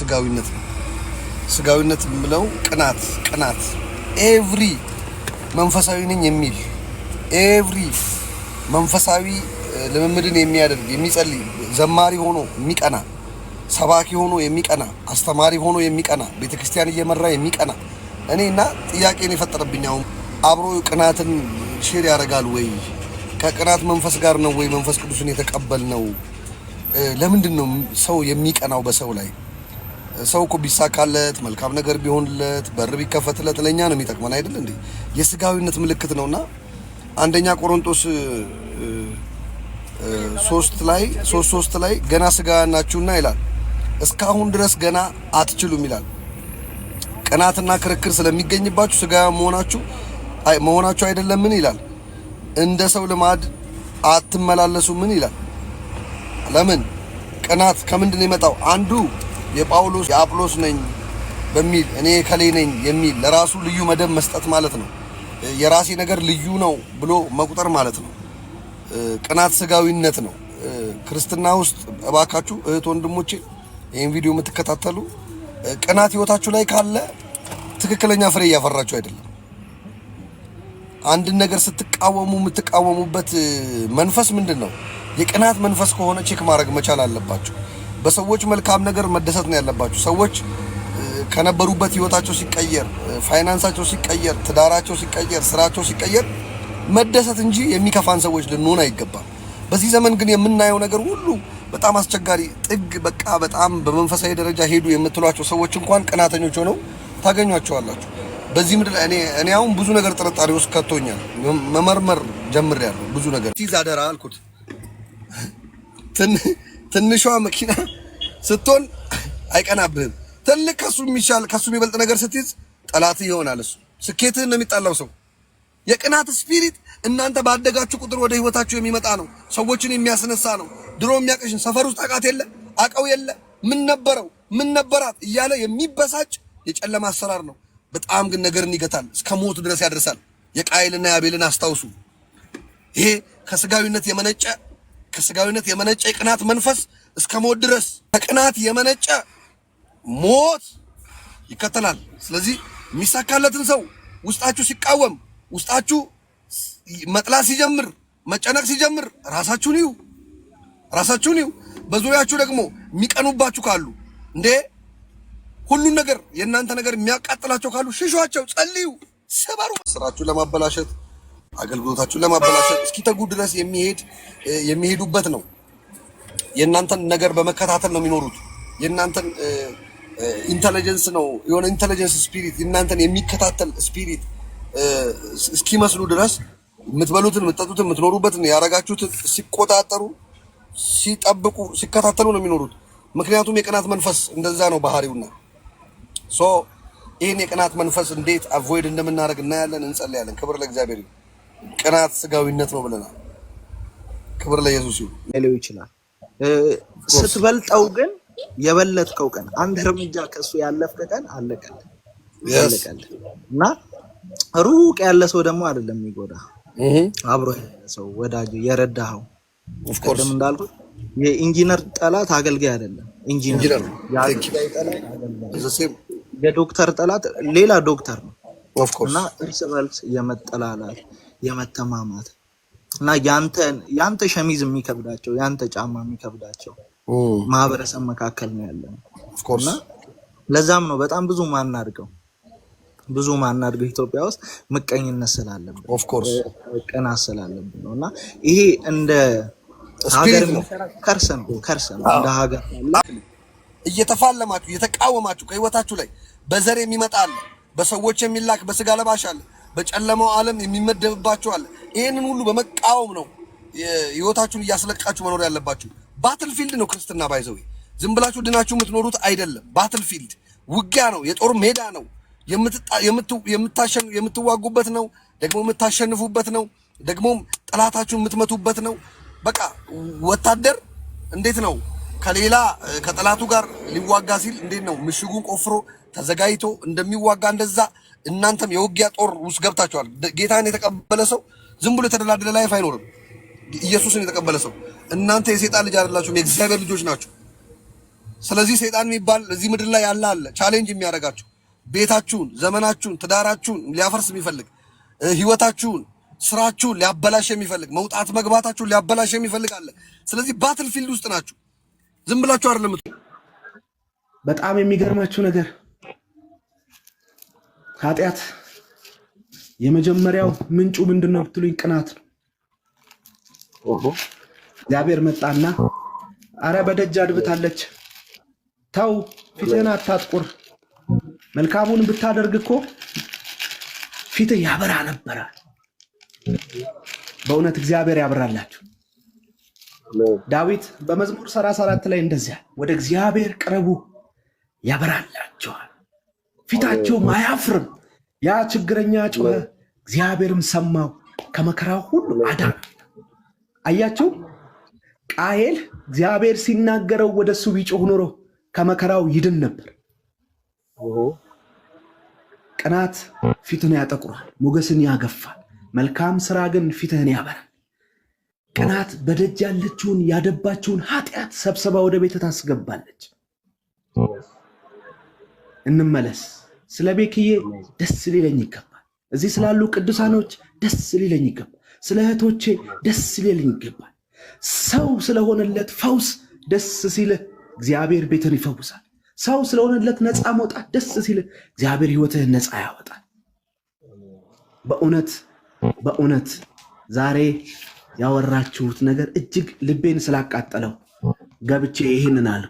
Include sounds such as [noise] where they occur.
ስጋዊነት ነው። ስጋዊነት የምለው ቅናት ቅናት ኤቭሪ መንፈሳዊ ነኝ የሚል ኤቭሪ መንፈሳዊ ልምምድን የሚያደርግ የሚጸልይ ዘማሪ ሆኖ የሚቀና ሰባኪ ሆኖ የሚቀና አስተማሪ ሆኖ የሚቀና ቤተ ክርስቲያን እየመራ የሚቀና እኔ እና ጥያቄን የፈጠረብኝ አሁን አብሮ ቅናትን ሼር ያደርጋል ወይ? ከቅናት መንፈስ ጋር ነው ወይ መንፈስ ቅዱስን የተቀበል ነው? ለምንድን ነው ሰው የሚቀናው በሰው ላይ? ሰው እኮ ቢሳካለት መልካም ነገር ቢሆንለት በር ቢከፈትለት ለእኛ ነው የሚጠቅመን አይደል እንዴ? የስጋዊነት ምልክት ነውና አንደኛ ቆሮንቶስ ሶስት ላይ ሶስት ሶስት ላይ ገና ስጋውያን ናችሁና ይላል። እስካሁን ድረስ ገና አትችሉም ይላል። ቅናትና ክርክር ስለሚገኝባችሁ ስጋውያን መሆናችሁ መሆናችሁ አይደለምን ይላል። እንደ ሰው ልማድ አትመላለሱ ምን ይላል። ለምን ቅናት ከምንድን ነው የመጣው? አንዱ የጳውሎስ የአጵሎስ ነኝ በሚል እኔ ከሌ ነኝ የሚል ለራሱ ልዩ መደብ መስጠት ማለት ነው። የራሴ ነገር ልዩ ነው ብሎ መቁጠር ማለት ነው። ቅናት ስጋዊነት ነው። ክርስትና ውስጥ እባካችሁ እህት ወንድሞቼ፣ ይህን ቪዲዮ የምትከታተሉ ቅናት ህይወታችሁ ላይ ካለ ትክክለኛ ፍሬ እያፈራችሁ አይደለም። አንድን ነገር ስትቃወሙ የምትቃወሙበት መንፈስ ምንድን ነው? የቅናት መንፈስ ከሆነ ቼክ ማድረግ መቻል አለባችሁ። በሰዎች መልካም ነገር መደሰት ነው ያለባችሁ። ሰዎች ከነበሩበት ህይወታቸው ሲቀየር፣ ፋይናንሳቸው ሲቀየር፣ ትዳራቸው ሲቀየር፣ ስራቸው ሲቀየር መደሰት እንጂ የሚከፋን ሰዎች ልንሆን አይገባም። በዚህ ዘመን ግን የምናየው ነገር ሁሉ በጣም አስቸጋሪ ጥግ በቃ በጣም በመንፈሳዊ ደረጃ ሄዱ የምትሏቸው ሰዎች እንኳን ቀናተኞች ሆነው ታገኟቸዋላችሁ። በዚህ ምድር እኔ እኔ አሁን ብዙ ነገር ጥርጣሬ ውስጥ ከቶኛል። መመርመር ጀምሬያለሁ ብዙ ነገር ሲዝ አልኩት [laughs] ትንሿ መኪና ስትሆን አይቀናብህም። ትልቅ ከሱ የሚሻል ከሱ የሚበልጥ ነገር ስትይዝ ጠላት ይሆናል። እሱ ስኬትህን ነው የሚጣላው ሰው። የቅናት ስፒሪት እናንተ ባደጋችሁ ቁጥር ወደ ህይወታችሁ የሚመጣ ነው። ሰዎችን የሚያስነሳ ነው። ድሮ የሚያቀሽን ሰፈር ውስጥ አቃት የለ አቀው የለ ምን ነበረው ምን ነበራት እያለ የሚበሳጭ የጨለማ አሰራር ነው። በጣም ግን ነገርን ይገታል፣ እስከ ሞት ድረስ ያደርሳል። የቃይልና የአቤልን አስታውሱ። ይሄ ከስጋዊነት የመነጨ ከስጋዊነት የመነጨ የቅናት መንፈስ እስከ ሞት ድረስ ከቅናት የመነጨ ሞት ይከተላል። ስለዚህ የሚሳካለትን ሰው ውስጣችሁ ሲቃወም፣ ውስጣችሁ መጥላት ሲጀምር፣ መጨነቅ ሲጀምር ራሳችሁን ይዩ ራሳችሁን ይዩ። በዙሪያችሁ ደግሞ የሚቀኑባችሁ ካሉ እንዴ ሁሉን ነገር የእናንተ ነገር የሚያቃጥላቸው ካሉ ሽሿቸው፣ ጸልዩ፣ ስበሩ። ስራችሁን ለማበላሸት አገልግሎታችሁን ለማበላሸት እስኪተጉ ድረስ የሚሄድ የሚሄዱበት ነው። የእናንተን ነገር በመከታተል ነው የሚኖሩት። የእናንተን ኢንተለጀንስ ነው የሆነ ኢንተለጀንስ ስፒሪት የእናንተን የሚከታተል ስፒሪት እስኪመስሉ ድረስ የምትበሉትን፣ የምትጠጡትን፣ የምትኖሩበትን ያደረጋችሁትን ሲቆጣጠሩ፣ ሲጠብቁ፣ ሲከታተሉ ነው የሚኖሩት። ምክንያቱም የቅናት መንፈስ እንደዛ ነው ባህሪውና ሶ ይህን የቅናት መንፈስ እንዴት አቮይድ እንደምናደርግ እናያለን። እንጸለያለን። ክብር ለእግዚአብሔር። ቅናት ስጋዊነት ነው ብለናል። ክብር ለኢየሱስ ይሁን። ሌላው ይችላል ስትበልጠው ግን የበለጥከው ቀን አንድ እርምጃ ከሱ ያለፍከ ቀን አለቀል ያለቀል እና ሩቅ ያለ ሰው ደግሞ አይደለም የሚጎዳ አብሮ ያለ ሰው ወዳጅ የረዳኸው ቅድም እንዳልኩት የኢንጂነር ጠላት አገልጋይ አይደለም። ኢንጂነር የዶክተር ጠላት ሌላ ዶክተር ነው እና እርስ በርስ የመጠላላት የመተማማት እና ያንተ ሸሚዝ የሚከብዳቸው ያንተ ጫማ የሚከብዳቸው ማህበረሰብ መካከል ነው ያለ እና ለዛም ነው በጣም ብዙ ማናድገው ብዙ ማናድርገው ኢትዮጵያ ውስጥ ምቀኝነት ስላለብን ኦፍኮርስ ቅናት ስላለብን ነው እና ይሄ እንደ ሀገር ነው ነው እንደ ሀገር እየተፋለማችሁ እየተቃወማችሁ ከህይወታችሁ ላይ በዘር የሚመጣ አለ በሰዎች የሚላክ በስጋ ለባሽ አለ በጨለማው ዓለም የሚመደብባቸው አለ። ይህንን ሁሉ በመቃወም ነው ህይወታችሁን እያስለቃችሁ መኖር ያለባችሁ። ባትልፊልድ ነው ክርስትና ባይዘው ዝም ብላችሁ ድናችሁ የምትኖሩት አይደለም። ባትልፊልድ ውጊያ ነው፣ የጦር ሜዳ ነው። የምትዋጉበት ነው፣ ደግሞ የምታሸንፉበት ነው፣ ደግሞም ጠላታችሁን የምትመቱበት ነው። በቃ ወታደር እንዴት ነው ከሌላ ከጠላቱ ጋር ሊዋጋ ሲል እንዴት ነው ምሽጉን ቆፍሮ ተዘጋጅቶ እንደሚዋጋ እንደዛ እናንተም የውጊያ ጦር ውስጥ ገብታችኋል። ጌታን የተቀበለ ሰው ዝም ብሎ የተደላደለ ላይፍ አይኖርም። ኢየሱስን የተቀበለ ሰው እናንተ የሴጣን ልጅ አይደላችሁም፣ የእግዚአብሔር ልጆች ናችሁ። ስለዚህ ሴጣን የሚባል እዚህ ምድር ላይ ያለ አለ፣ ቻሌንጅ የሚያደርጋችሁ ቤታችሁን፣ ዘመናችሁን፣ ትዳራችሁን ሊያፈርስ የሚፈልግ ህይወታችሁን፣ ስራችሁን ሊያበላሽ የሚፈልግ መውጣት መግባታችሁን ሊያበላሽ የሚፈልግ አለ። ስለዚህ ባትል ፊልድ ውስጥ ናችሁ። ዝም ብላችሁ አይደለም። በጣም የሚገርማችሁ ነገር ኃጢአት የመጀመሪያው ምንጩ ምንድን ነው ብትሉኝ፣ ቅናት ነው። እግዚአብሔር መጣና አረ በደጅ አድብታለች፣ ተው ፊትህን አታጥቁር፣ መልካሙን ብታደርግ እኮ ፊትህ ያበራ ነበረ። በእውነት እግዚአብሔር ያበራላችሁ። ዳዊት በመዝሙር 34 ላይ እንደዚያ ወደ እግዚአብሔር ቅረቡ ያበራላችኋል ፊታቸውም አያፍርም። ያ ችግረኛ ጮኸ፣ እግዚአብሔርም ሰማው፣ ከመከራው ሁሉ አዳነ። አያቸው ቃየል እግዚአብሔር ሲናገረው ወደ እሱ ቢጮህ ኖሮ ከመከራው ይድን ነበር። ቅናት ፊትን ያጠቁራል፣ ሞገስን ያገፋል። መልካም ስራ ግን ፊትህን ያበራል። ቅናት በደጅ ያለችውን ያደባችውን ኃጢአት ሰብስባ ወደ ቤት ታስገባለች። እንመለስ። ስለ ቤክዬ ደስ ሊለኝ ይገባል። እዚህ ስላሉ ቅዱሳኖች ደስ ሊለኝ ይገባል። ስለ እህቶቼ ደስ ሊለኝ ይገባል። ሰው ስለሆነለት ፈውስ ደስ ሲልህ እግዚአብሔር ቤትን ይፈውሳል። ሰው ስለሆነለት ነፃ መውጣት ደስ ሲልህ እግዚአብሔር ሕይወትህን ነፃ ያወጣል። በእውነት በእውነት ዛሬ ያወራችሁት ነገር እጅግ ልቤን ስላቃጠለው ገብቼ ይህንን አለ